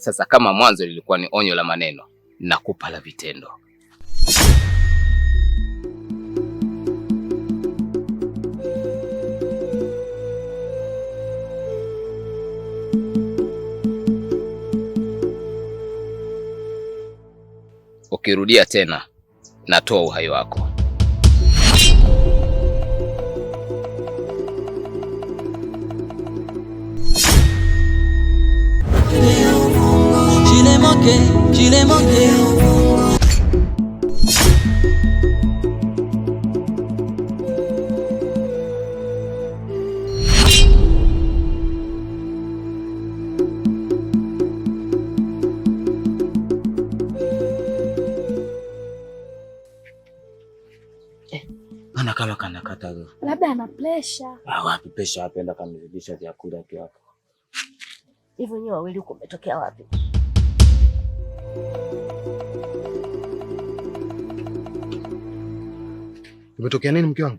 Sasa kama mwanzo lilikuwa ni onyo la maneno, nakupa la vitendo. Ukirudia tena, natoa uhai wako. manqué, tu l'es manqué. Ana kama kanakata labda ana presha. Ah, wapi presha? Apenda kamrudisha vyakula vyako hivyo. Nyewe wawili uko umetokea wapi? Umetokea nini mke wangu?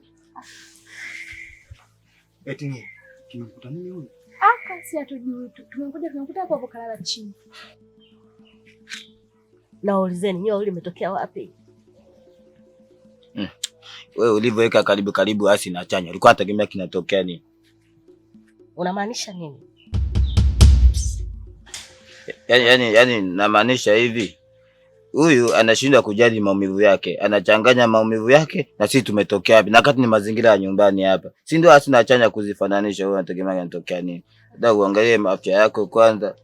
Eti ni tumemkuta nini huyo? Ah, kasi hatujui. Tumekuja tumekuta hapo hapo kalala chini. Naulizeni ulizeni nyoa umetokea wapi? Hmm. Wewe ulivyoweka karibu karibu asi na chanya. Ulikuwa unategemea kinatokea nini? Unamaanisha nini? yani, yani, yani namaanisha hivi, huyu anashindwa kujali maumivu yake, anachanganya maumivu yake na sisi tumetokea wapi, na wakati ni mazingira ya nyumbani hapa, si ndio? Asina chanya kuzifananisha, wewe unategemea anatokea nini? Da, uangalie afya yako kwanza.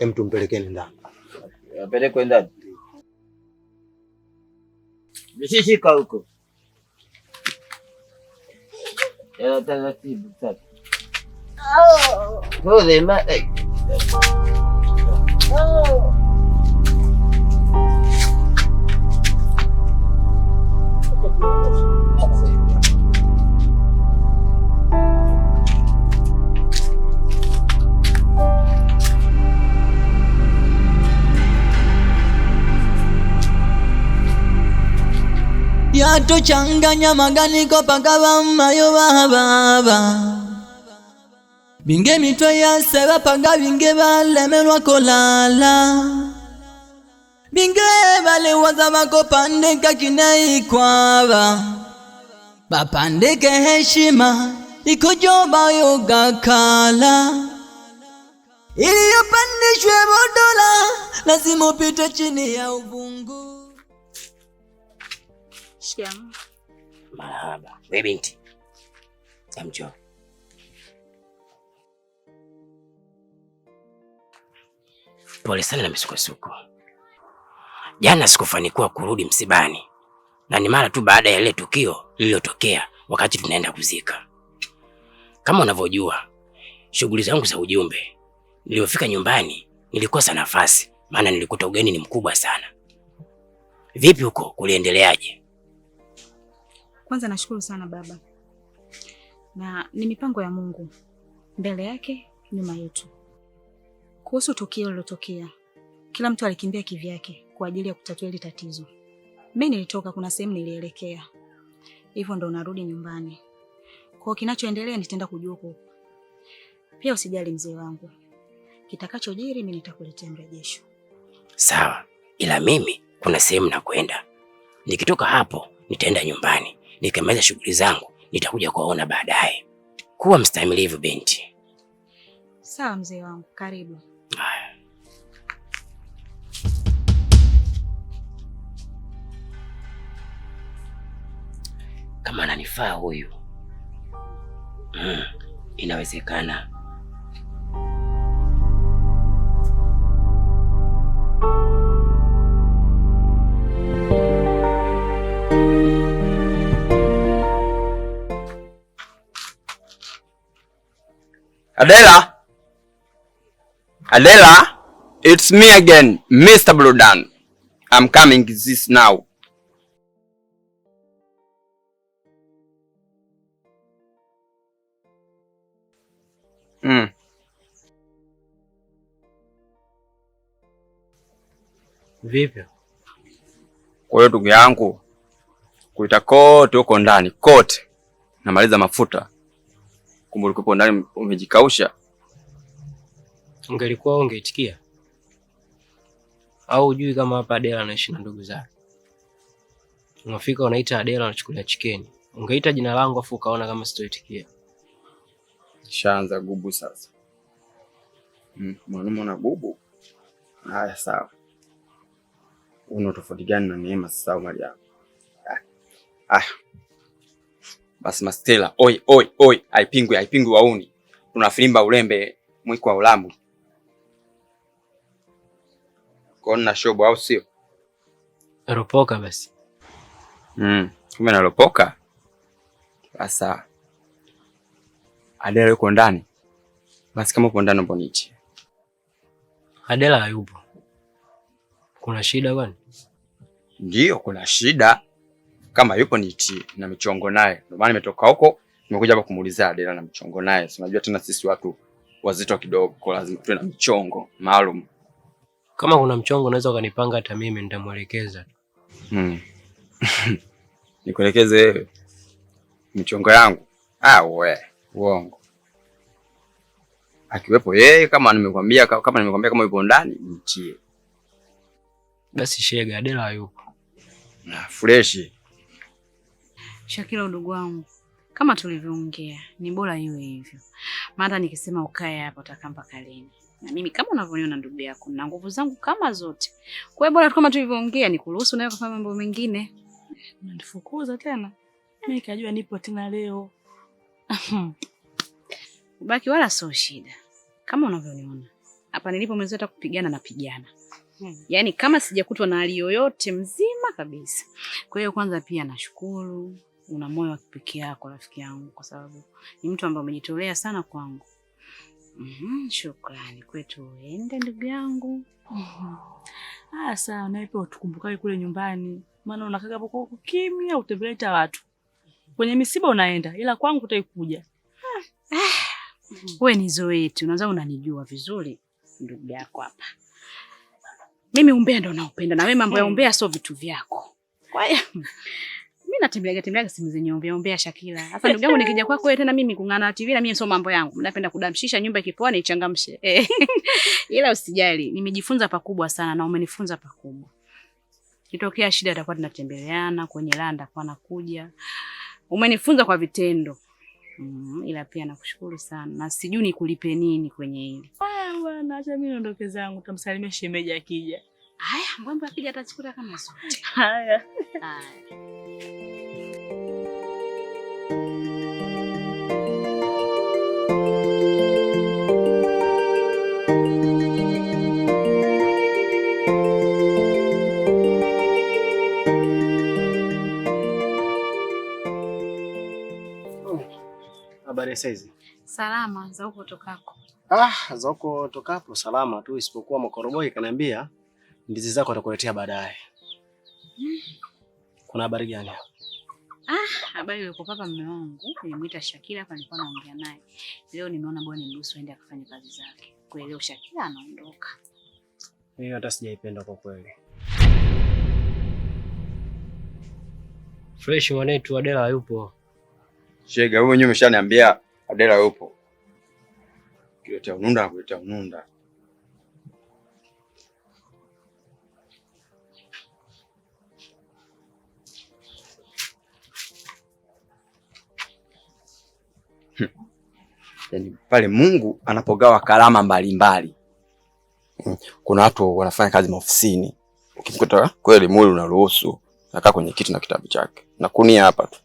Mtu mpelekeni ndani, apelekwe ndani, shika huko taratibu sasa. Oh. Eh. Yatuchanganya maganiko pakawa mayo binge mitwe yase bapanga binge balemelwa kolala binge balewaza bakopandika kinai ikwava bapandike heshima ikojoba yogakala iliyopandishwe bodola lazima upite chini ya ubungu Shikamoo. Marahaba. We binti, pole sana na misukosuko. Jana sikufanikiwa kurudi msibani, na ni mara tu baada ya ile tukio lililotokea wakati tunaenda kuzika. Kama unavyojua shughuli zangu za ujumbe, nilipofika nyumbani nilikosa nafasi, maana nilikuta ugeni ni mkubwa sana. Vipi huko kuliendeleaje? Kwanza nashukuru sana baba, na ni mipango ya Mungu mbele yake nyuma yetu kuhusu tukio lilotokea, kila mtu alikimbia kivyake kwa ajili ya kutatua ile tatizo. Mimi nilitoka, kuna sehemu nilielekea, hivyo ndo narudi nyumbani. Kwa kinachoendelea nitaenda kujua huko. Pia usijali mzee wangu, kitakachojiri mimi nitakuletea mrejesho. Sawa, ila mimi kuna sehemu nakwenda. Nikitoka hapo nitaenda nyumbani, nikimaliza shughuli zangu nitakuja kuona baadaye. Kuwa mstahimilivu binti. Sawa mzee wangu, karibu. kama ananifaa huyu. Mm, inawezekana. Adela, Adela, it's me again, Mr. Bludan. I'm coming this now. Mm. Vipi? Kwa hiyo ndugu yangu, kuita kote huko ndani kote, namaliza mafuta, kumbe ulikuwa ndani umejikausha. Ungelikuwa ungeitikia au ujui kama hapa Adela anaishi na ndugu zake? Unafika unaita Adela, anachukulia chikeni. Ungeita jina langu afu ukaona kama sitoitikia. Shaanza gubu sasa. Mm, mwanaume na gubu. Haya, sawa. Una tofauti gani na Neema sasa au Mariamu? Ah, ah. Basi Mastela, oi oi oi, aipingwi aipingwi wauni. Tunafilimba ulembe mwiko wa ulambu. Kona shobo au sio? Ropoka basi. Mm, kumbe nalopoka. Sasa Adela yuko ndani? Basi kama uko ndani, mboniche. Adela hayupo. Kuna shida gani? Ndio, kuna shida. Kama yupo niti na michongo naye. Ndio maana nimetoka huko, nimekuja hapa kumuuliza Adela na michongo naye. Si unajua tena sisi watu wazito kidogo, kwa lazima tuwe na michongo maalum. Kama kuna mchongo unaweza ukanipanga, hata mimi nitamwelekeza. Hmm. Nikuelekeze wewe michongo yangu? Ah, wewe uongo, akiwepo yeye. Kama nimekwambia kama nimekwambia kama yupo ndani mchie basi. Shega Adela yupo na freshi. Shakira udugu wangu, kama tulivyoongea, ni bora iwe hivyo, maana nikisema ukae hapa utakaa mpaka lini? Na mimi kama unavyoniona ndugu yako na nguvu zangu kama zote. Kwa hiyo bora kama tulivyoongea ni kuruhusu nawe kufanya mambo mengine. Unanifukuza tena? Mimi kajua nipo tena leo. Ubaki wala sio shida, kama unavyoniona hapa nilipo mwezi hata kupigana napigana. Hmm. Yaani kama sijakutwa na hali yoyote mzima kabisa. Kwa hiyo kwanza pia nashukuru una moyo wa kipekee yako rafiki yangu, kwa sababu ni mtu ambaye umejitolea sana kwangu. Mm -hmm, shukrani kwetu ende ndugu yangu. Mm -hmm. Ah, sawa na ipo tukumbukae kule nyumbani, maana unakaga hapo kwa kimya, utembelee watu Kwenye misiba unaenda, ila kwangu utaikuja. Ah, ah. Mm-hmm. Wewe ni zoeti, unaanza unanijua vizuri ndugu yako hapa. Mimi umbea ndo naupenda na wewe mambo ya umbea sio vitu vyako. Kwa hiyo hmm. mimi natembeaga tembeaga simu zenye umbea umbea Shakila. Sasa ndugu yangu nikija kwako wewe tena mimi kungana na TV na mimi sio mambo yangu. Napenda kudamshisha nyumba ikipoa nichangamshe. Eh. Ila usijali, nimejifunza pakubwa sana na umenifunza pakubwa. Kitokea shida atakuwa tunatembeleana kwenye landa kwa nakuja umenifunza kwa vitendo. Mm, ila pia nakushukuru sana na sijui nikulipe nini kwenye hili. Haya bwana acha mimi niondoke zangu, tamsalimia shemeji akija. Haya, mbona akija atachukuta kama zote. Haya. Haya. habari saizi? Salama, za huko tokako? Ah, za huko tokapo salama tu, isipokuwa makoroboi kaniambia ndizi zako atakuletea baadaye. Hmm. Kuna habari gani? Ah, habari yuko papa mume wangu, nilimwita Shakira hapa nilikuwa naongea naye. Leo nimeona bwana niruhusu aende akafanye kazi zake. Kwa leo Shakila anaondoka. Mimi hata sijaipenda kwa kweli. Fresh mwanetu Adela yupo. Shega, wewe mwenyewe umeshaniambia Adela yupo. Kuleta ununda, kuleta ununda. Hmm. Yani, pale Mungu anapogawa karama mbalimbali. Hmm. Kuna watu wanafanya kazi maofisini, ukimkuta kweli mwili unaruhusu, nakaa kwenye kiti na kitabu chake na kunia hapa tu.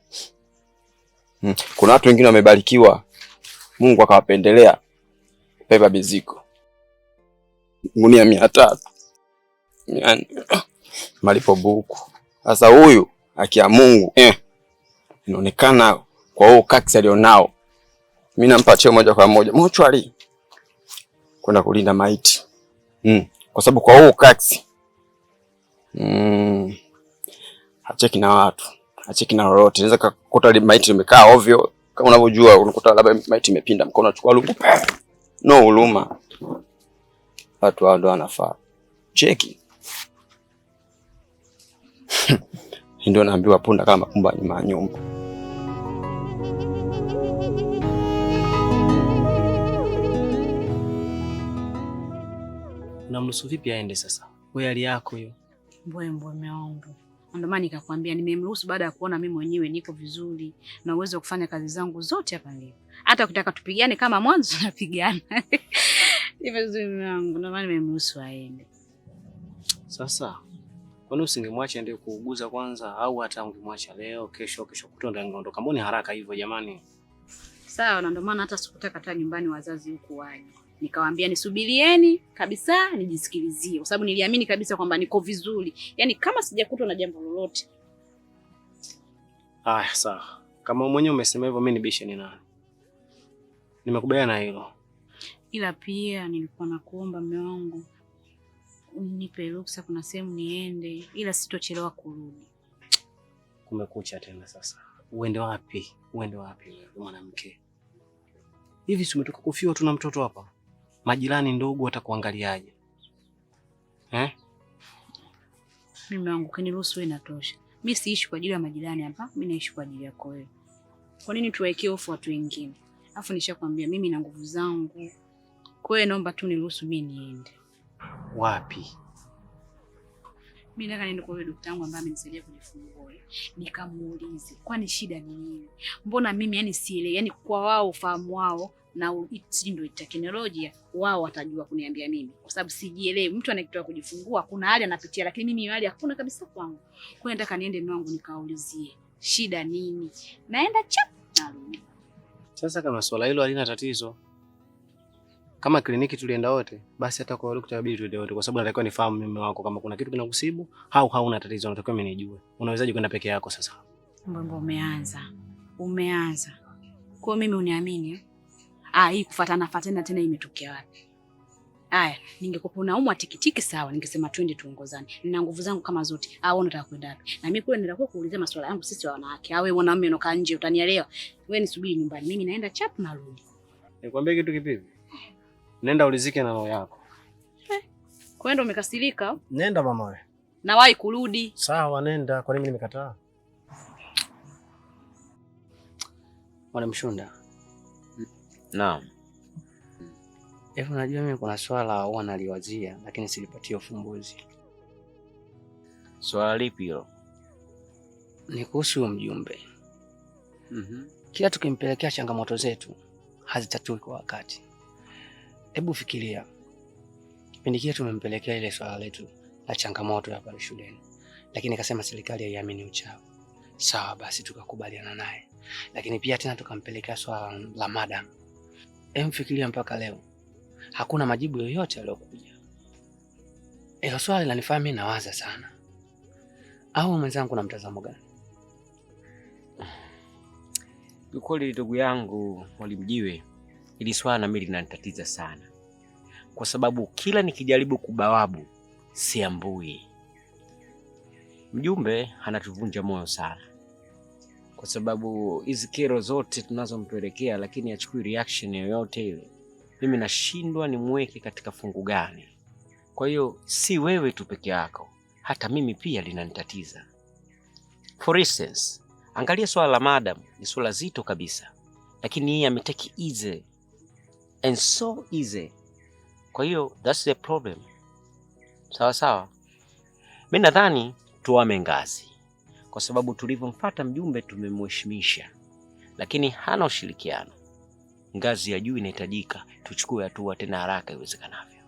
Mm. Kuna watu wengine wamebarikiwa, Mungu akawapendelea pepa beziko gunia mia tatu mia nne ah. malipo buku. Sasa huyu akia Mungu eh, inaonekana kwa huo kaksi alionao, mi nampa cheo moja kwa moja mochwali kwenda kulinda maiti mm. kwa sababu kwa huo kaksi mm. hacheki na watu acheki na lolote. Naweza kukuta maiti imekaa ovyo, kama unavyojua, unakuta labda maiti imepinda mkono, achukua lungu, no huruma. Watu hao ndio wanafaa cheki. Ndio naambiwa punda kama makumba nyuma ya nyumba. Unamruhusu vipi aende sasa? Kwa hali yako hiyo. Mbwembwe, mume wangu ndio maana nikakwambia nimemruhusu baada ya kuona mimi mwenyewe niko vizuri na uwezo wa kufanya kazi zangu zote hapa nilipo. Hata ukitaka tupigane kama mwanzo tunapigana. Ni vizuri Nimezuri ndio maana nimemruhusu aende. Sasa kwani usingemwacha aende kuuguza kwanza au hata ungemwacha leo, kesho, kesho kutonda ngondoka. Mbona haraka hivyo jamani? Sawa, na ndio maana hata sikutaka hata nyumbani wazazi huku waje. Nikawaambia nisubirieni kabisa nijisikilizie, kwa sababu niliamini kabisa kwamba niko vizuri, yaani kama sijakutwa na jambo lolote. Aya, sawa, kama mwenyewe umesema hivyo, mi nibisheni nani, nimekubaliana na hilo, ila pia nilikuwa nakuomba mume wangu unipe ruksa, kuna sehemu niende, ila sitochelewa kurudi. Kumekucha tena sasa, uende wapi? Uende wapi mwanamke? Hivi si umetoka kufiwa, tuna mtoto hapa majirani ndugu watakuangaliaje eh? Mimi wangu kaniruhusu, wewe inatosha. Mimi siishi kwa ajili ya majirani hapa, mimi naishi kwa ajili yako wewe. Kwa nini tuwaekee hofu watu wengine? Alafu nishakwambia mimi na nguvu zangu. Kwa hiyo naomba tu niruhusu mimi niende. Wapi? Mimi nataka niende kwa yule daktari wangu ambaye amenisaidia kujifungua. Nikamuulize, kwani shida ni nini? Mbona mimi yani sielewi, yani kwa wao ufahamu wao na si ndio teknolojia, wao watajua kuniambia mimi, kwa sababu sijielewi. Mtu anayetoka kujifungua kuna hali anapitia, lakini mimi hali hakuna kabisa kwangu. Kwa hiyo nataka niende mwangu nikaulizie shida nini, naenda chap narudi. Sasa kama swala hilo halina tatizo, kama kliniki tulienda wote, basi hata kwa daktari inabidi tuende wote, kwa sababu natakiwa nifahamu mimi wako kama kuna kitu kinakusibu au hauna tatizo, natakiwa mimi nijue. Unawezaje kwenda peke yako? Sasa mbona umeanza umeanza kwa mimi uniamini eh? Ah, hii kufatana fatana tena imetokea wapi? Aya, ningekupa unaumwa tikitiki sawa, ningesema twende tuongozane. Nina nguvu zangu kama zote. Ah, wewe unataka kwenda wapi? Na mimi kule nitakuwa kuuliza masuala yangu sisi wanawake. Ah, wewe mwanaume unakaa nje utanielewa. Wewe nisubiri nyumbani. Mimi naenda chap narudi. Nikwambie kitu kipipi? Nenda ulizike na roho yako. Eh. Kwenda umekasirika? Nenda mama wewe. Nawahi kurudi. Sawa, nenda. Kwa nini nimekataa? Mwana Mshunda. Naam. Hivi unajua mimi kuna swala huwa naliwazia lakini silipatia ufumbuzi. Swala lipi hilo? Ni kuhusu mjumbe. mm -hmm. Kila tukimpelekea changamoto zetu hazitatui kwa wakati. Hebu fikiria kipindi kile tumempelekea ile swala letu la changamoto ya pale shuleni, lakini akasema serikali haiamini uchawi. Sawa, basi tukakubaliana naye, lakini pia tena tukampelekea swala la madam Emfikiria mpaka leo hakuna majibu yoyote yaliyokuja. ilo swali linanifanya mimi nawaza sana. Au mwenzangu na mtazamo gani? Kiukweli ndugu yangu Mwalimu Jiwe, ili swala na mimi linanitatiza sana, kwa sababu kila nikijaribu kubawabu siambui. Mjumbe anatuvunja moyo sana kwa sababu hizi kero zote tunazompelekea, lakini achukui reaction yoyote ile, mimi nashindwa nimweke katika fungu gani? Kwa hiyo si wewe tu peke yako, hata mimi pia linanitatiza. For instance, angalia swala la madam, ni swala zito kabisa, lakini yeye ameteki easy and so easy. Kwa hiyo that's the problem. Sawa sawa, mimi nadhani tuame ngazi kwa sababu tulivyompata mjumbe tumemheshimisha, lakini hana ushirikiano. Ngazi ya juu inahitajika tuchukue hatua tena haraka iwezekanavyo.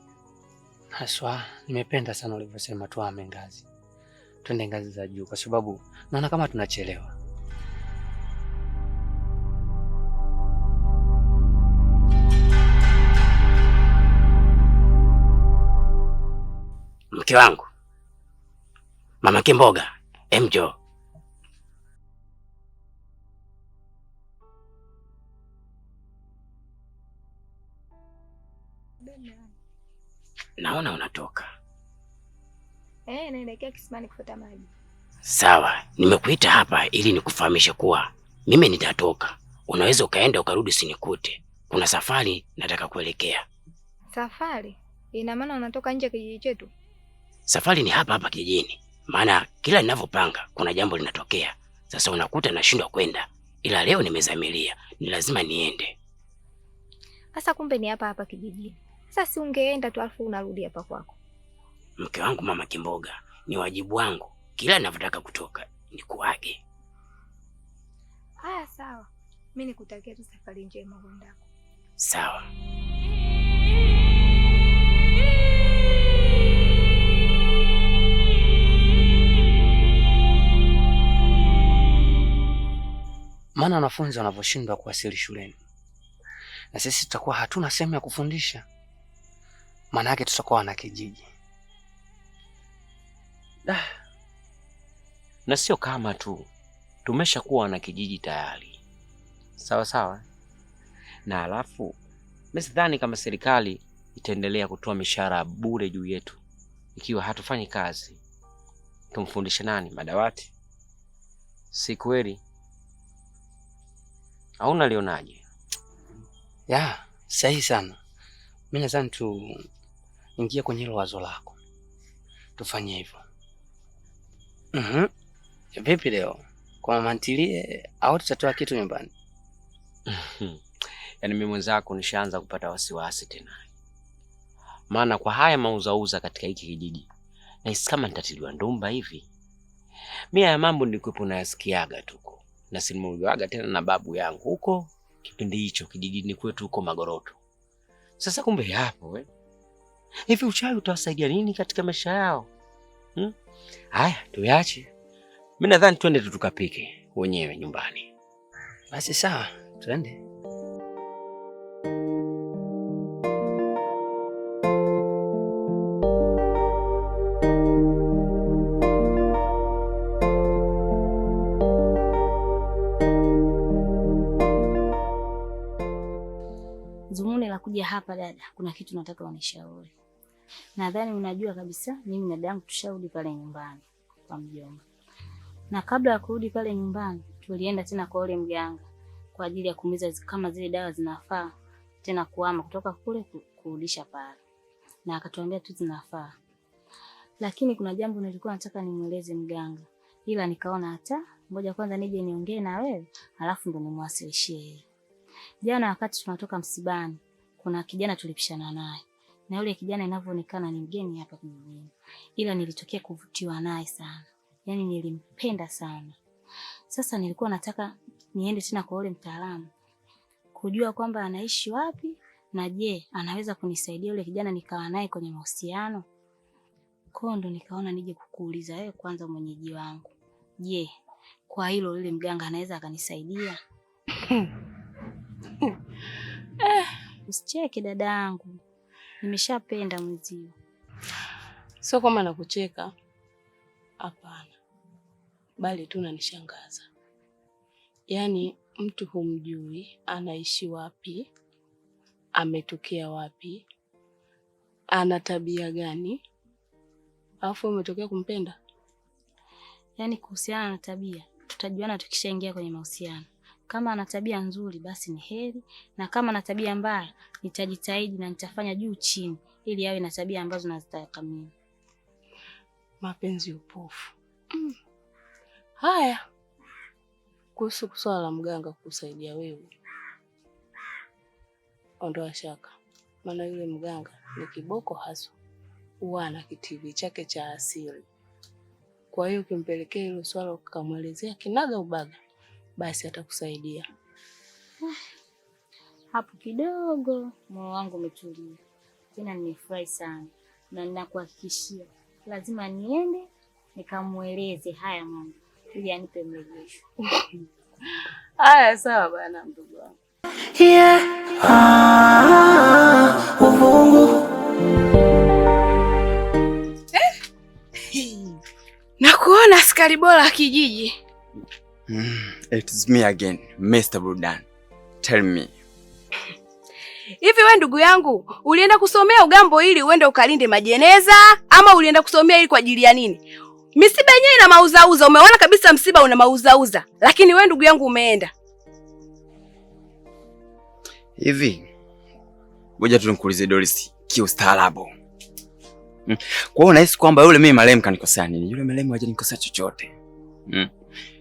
Haswa nimependa sana ulivyosema tuame ngazi, twende ngazi za juu, kwa sababu naona kama tunachelewa. Mke wangu mama Kimboga, emjo naona unatoka eh, naelekea kisimani kufuta maji. Sawa, nimekuita hapa ili nikufahamishe kuwa mimi nitatoka, unaweza ukaenda ukarudi sinikute. Kuna safari nataka kuelekea. Safari ina maana unatoka nje kijiji chetu? Safari ni hapa hapa kijijini, maana kila ninavyopanga kuna jambo linatokea. Sasa unakuta nashindwa kwenda, ila leo nimezamilia, ni lazima niende. Sasa kumbe ni hapa hapa kijijini. Sasa ungeenda tu alafu unarudi hapa kwako. Mke wangu Mama Kimboga, ni wajibu wangu kila ninavyotaka kutoka nikuage. Haya, sawa. Mimi nikutakia tu safari njema kwendako. Sawa. Maana wanafunzi wanavyoshindwa kuwasili shuleni, na sisi tutakuwa hatuna sehemu ya kufundisha maana yake tutakuwa na kijiji ah. Na sio kama tu tumeshakuwa wana kijiji tayari, sawa sawa. Na alafu mimi sidhani kama serikali itaendelea kutoa mishahara bure juu yetu ikiwa hatufanyi kazi. Tumfundishe nani? Madawati? Si kweli au nalionaje? Ya sahihi sana. Mimi nadhani tu ingia kwenye hilo wazo lako, tufanye hivyo. Mhm, vipi leo kwa mama ntilie, au tutatoa kitu nyumbani? Mhm. Yaani mimi mwenzako nishaanza kupata wasiwasi tena, maana kwa haya mauzauza katika hiki kijiji nahisi kama nitatiliwa ndumba hivi. Mi haya mambo nilikuwepo nayasikiaga tuko na simuliwaga tena na babu yangu huko kipindi hicho kijijini kwetu huko Magoroto. Sasa kumbe hapo eh? Hivi uchawi utawasaidia nini katika maisha yao? Hmm? Haya, mi nadhani twende tu tukapike wenyewe nyumbani. Basi sawa, twende. hapa dada, kuna kitu nataka unishauri. Nadhani unajua kabisa mimi na dadangu tushaudi pale nyumbani kwa mjomba, na kabla ya kurudi pale nyumbani tulienda tena kwa yule mganga kwa ajili ya kumiza kama zile dawa zinafaa tena kuhama kutoka kule kurudisha pale, na akatuambia tu zinafaa, lakini kuna jambo nilikuwa nataka nimweleze mganga, ila nikaona hata ngoja kwanza nije niongee na wewe, alafu ndo nimwasilishie. Jana wakati tunatoka msibani kuna kijana tulipishana naye na yule kijana inavyoonekana ni mgeni hapa kijijini, ila nilitokea kuvutiwa naye sana, yaani nilimpenda sana. Sasa nilikuwa nataka niende tena kwa yule mtaalamu kujua kwamba anaishi wapi na je, anaweza kunisaidia yule kijana nikawa naye kwenye mahusiano. Kwa ndo nikaona nije kukuuliza wewe kwanza, mwenyeji wangu, je, kwa hilo yule mganga anaweza akanisaidia? Usicheke dada yangu, nimeshapenda mwenzio. Sio na nakucheka, hapana, bali tu nanishangaza. Yaani mtu humjui, anaishi wapi, ametokea wapi, ana tabia gani, alafu umetokea kumpenda. Yaani kuhusiana na tabia tutajuana tukishaingia kwenye mahusiano. Kama ana tabia nzuri basi ni heri, na kama ana tabia mbaya nitajitahidi na nitafanya juu chini ili awe na tabia ambazo nazitaka mimi. Mapenzi upofu. Mm. Haya, kuhusu swala la mganga kusaidia wewe, ondoa shaka, maana yule mganga ni kiboko haswa, huwa ana kitivi chake cha asili. Kwa hiyo ukimpelekea hilo swala ukamwelezea kinaga ubaga basi atakusaidia. Hapo kidogo moyo wangu umetulia tena, nimefurahi sana na ninakuhakikishia lazima niende nikamweleze haya mambo ili anipe mrejesho. Haya, sawa bwana, mdogo wangu yeah. ah, eh? Nakuona askari bora wa kijiji. Mm, It's me again, Mr. Burudan. Tell me. Hivi we ndugu yangu, ulienda kusomea ugambo ili uende ukalinde majeneza ama ulienda kusomea ili kwa ajili ya nini? Misiba yenyewe ina mauzauza, umeona kabisa msiba una mauzauza, lakini we ndugu yangu umeenda hivi. Ngoja tu nikuulize Doris, kiustaarabu mm, kwa hiyo unahisi kwamba yule mimi marehemu kanikosea nini? Yule marehemu nikosea chochote mm.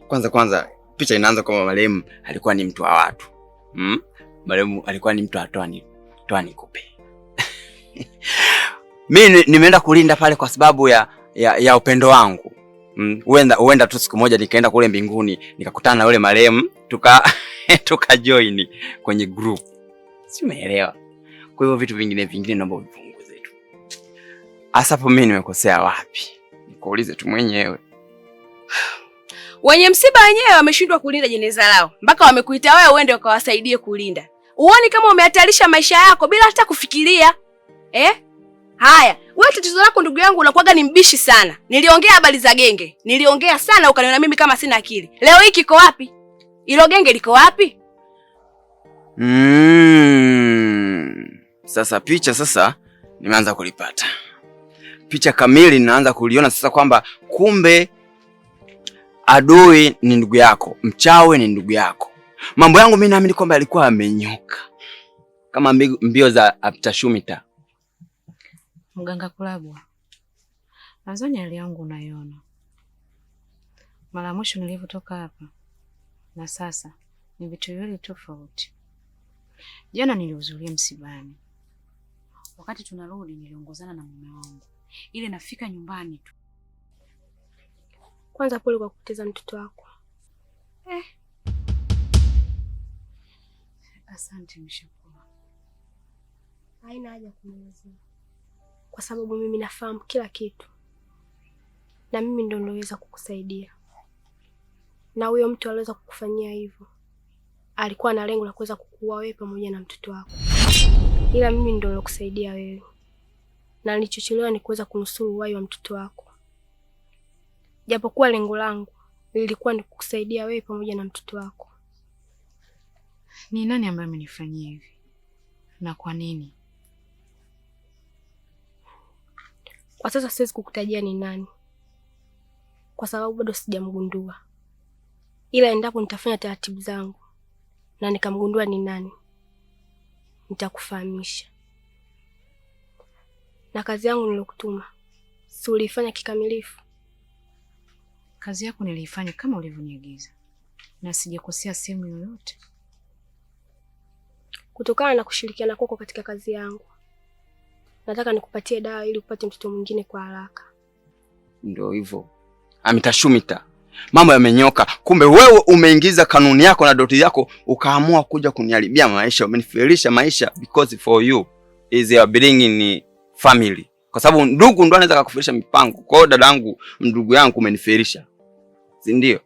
Kwanza kwanza picha inaanza kwamba marehemu alikuwa ni mtu wa watu mm? Marehemu alikuwa ni mtu atoani toani kupe mimi nimeenda kulinda pale kwa sababu ya ya, ya upendo wangu hmm? huenda hmm? Huenda tu siku moja nikaenda kule mbinguni nikakutana na yule marehemu tuka tuka join kwenye group, si umeelewa? Kwa hivyo vitu vingine vingine naomba uvipunguze tu. Asapo mimi nimekosea wapi? Nikuulize tu mwenyewe Wenye msiba wenyewe wameshindwa kulinda jeneza lao, mpaka wamekuita wewe uende ukawasaidie kulinda. Uoni kama umehatarisha maisha yako bila hata kufikiria eh? Haya, wewe tatizo lako ndugu yangu unakuwaga ni mbishi sana. Niliongea habari za genge, niliongea sana, ukaniona mimi kama sina akili. Leo hii kiko wapi ilo genge? Liko wapi? Mm, sasa picha sasa nimeanza kulipata picha kamili, ninaanza kuliona sasa kwamba kumbe adui ni ndugu yako, mchawi ni ndugu yako. Mambo yangu mimi naamini kwamba alikuwa amenyoka kama mbio za aptashumita. Mganga Kulabwa, nadhani hali yangu unaiona. Mara mwisho nilivyotoka hapa na sasa ni vitu viwili tofauti. Jana nilihudhuria msibani, wakati tunarudi niliongozana na mume wangu, ile nafika nyumbani tu kwanza pole kwa kupoteza mtoto wako eh. Asante mshukuru. haina haja kunielezea, kwa sababu mimi nafahamu kila kitu, na mimi ndo naweza kukusaidia. Na huyo mtu aliweza kukufanyia hivyo, alikuwa na lengo la kuweza kukuua wewe pamoja na mtoto wako, ila mimi ndo nilokusaidia wewe, na nilichochelewa ni kuweza kunusuru uhai wa mtoto wako japokuwa lengo langu lilikuwa ni kukusaidia wewe pamoja na mtoto wako. Ni nani ambaye amenifanyia hivi na kwa nini? Kwa sasa siwezi kukutajia ni nani, kwa sababu bado sijamgundua, ila endapo nitafanya taratibu zangu na nikamgundua ni nani, nitakufahamisha. Na kazi yangu nilokutuma si uliifanya kikamilifu? Kazi yako niliifanya kama ulivyoniagiza na sijakosea sehemu yoyote. Kutokana na kushirikiana kwako katika kazi yangu, nataka nikupatie dawa ili upate mtoto mwingine kwa haraka. Ndio hivyo, amitashumita mambo yamenyoka. Kumbe wewe umeingiza kanuni yako na doti yako, ukaamua kuja kuniharibia maisha, umenifirisha maisha, because for you is your bringing family, kwa sababu ndugu ndo anaweza kukufirisha mipango. Kwa hiyo dadangu, ndugu yangu, umenifirisha si ndio?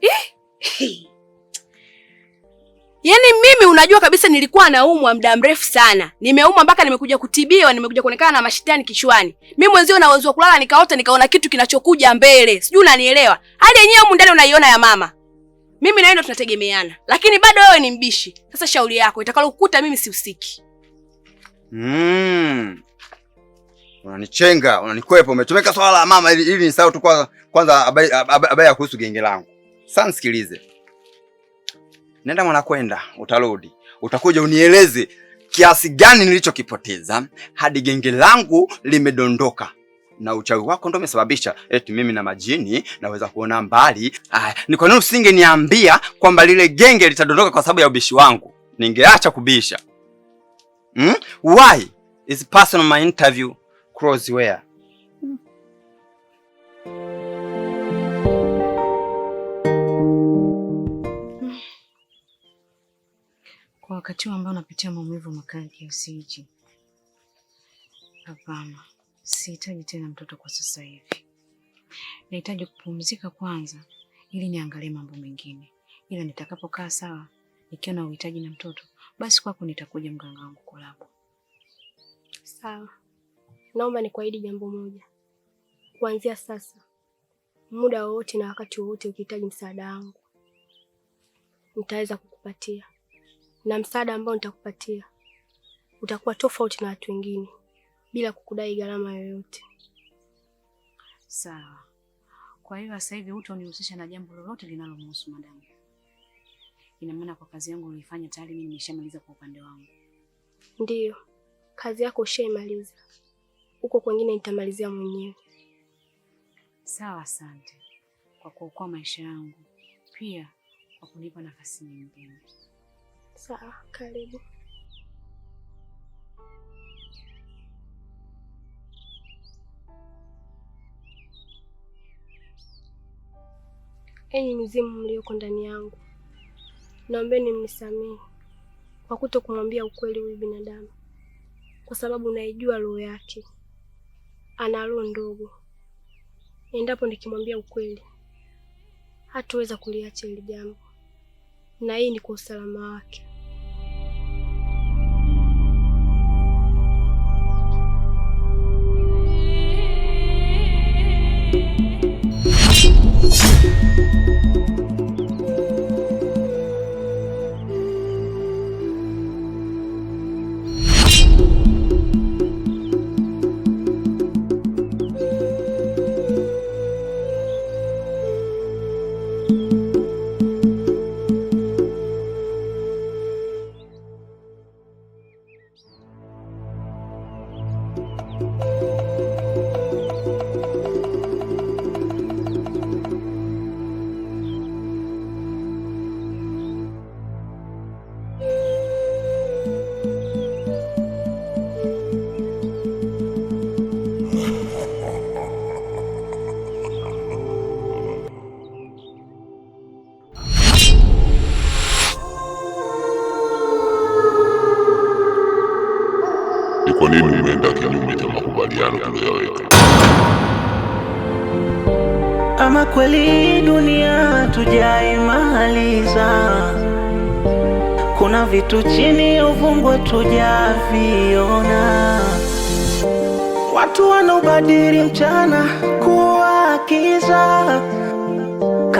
Eh? Yaani mimi unajua kabisa nilikuwa naumwa muda mrefu sana. Nimeumwa mpaka nimekuja kutibiwa, nimekuja kuonekana na mashitani kichwani. Mimi mwenzio na uwezo kulala nikaota nikaona kitu kinachokuja mbele. Sijui unanielewa. Hali yenyewe huko ndani unaiona ya mama. Mimi na yeye tunategemeana, lakini bado wewe ni mbishi. Sasa shauri yako, itakalokukuta mimi sihusiki. Mm unanichenga, unanikwepa, umetumeka swala la mama ili, ili nisahau tu kwanza kwanza habari ya kuhusu genge langu. Sasa nisikilize, nenda mwana, kwenda utarudi, utakuja unieleze kiasi gani nilichokipoteza hadi genge langu limedondoka na uchawi wako ndio umesababisha. Eti mimi na majini naweza kuona mbali. Ah, ni kwa nini usingeniambia kwamba lile genge litadondoka kwa sababu ya ubishi wangu? Ningeacha kubisha. Hmm? Why is personal my interview Crossware. Kwa wakati huu ambao napitia maumivu makali kiasi hichi, hapana, sihitaji tena mtoto kwa sasa hivi. Nahitaji kupumzika kwanza ili niangalie mambo mengine, ila nitakapokaa sawa nikiwa na uhitaji na mtoto basi kwako nitakuja mganga wangu Kolabo. Sawa naomba nikuahidi jambo moja. Kuanzia sasa, muda wowote na wakati wowote ukihitaji msaada wangu, nitaweza kukupatia, na msaada ambao nitakupatia utakuwa tofauti na watu wengine, bila kukudai gharama yoyote. Sawa. Kwa hiyo sasa hivi hutonihusisha na jambo lolote linalomhusu madamu. Ina maana kwa kazi yangu nilifanya tayari, mimi nimeshamaliza kwa upande wangu. Ndiyo, kazi yako ushaimaliza huko kwengine nitamalizia mwenyewe. Sawa, asante kwa kuokoa maisha yangu, pia kwa kunipa nafasi nyingine. Sawa, karibu. Enyi mzimu mlioko ndani yangu, naombeni mnisamehe kwa kuto kumwambia ukweli huyu binadamu, kwa sababu naijua roho yake ana roho ndogo, endapo nikimwambia ukweli hataweza kuliacha hili jambo, na hii ni kwa usalama wake. kweli dunia tujaimaliza, kuna vitu chini uvungwa tujaviona. Watu wanaubadili mchana kuwa kiza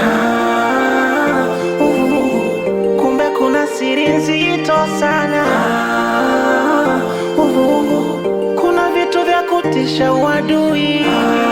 Ah, kumbe kuna siri nzito sana ah, uh, uh, uh, uh kuna vitu vya kutisha uadui ah,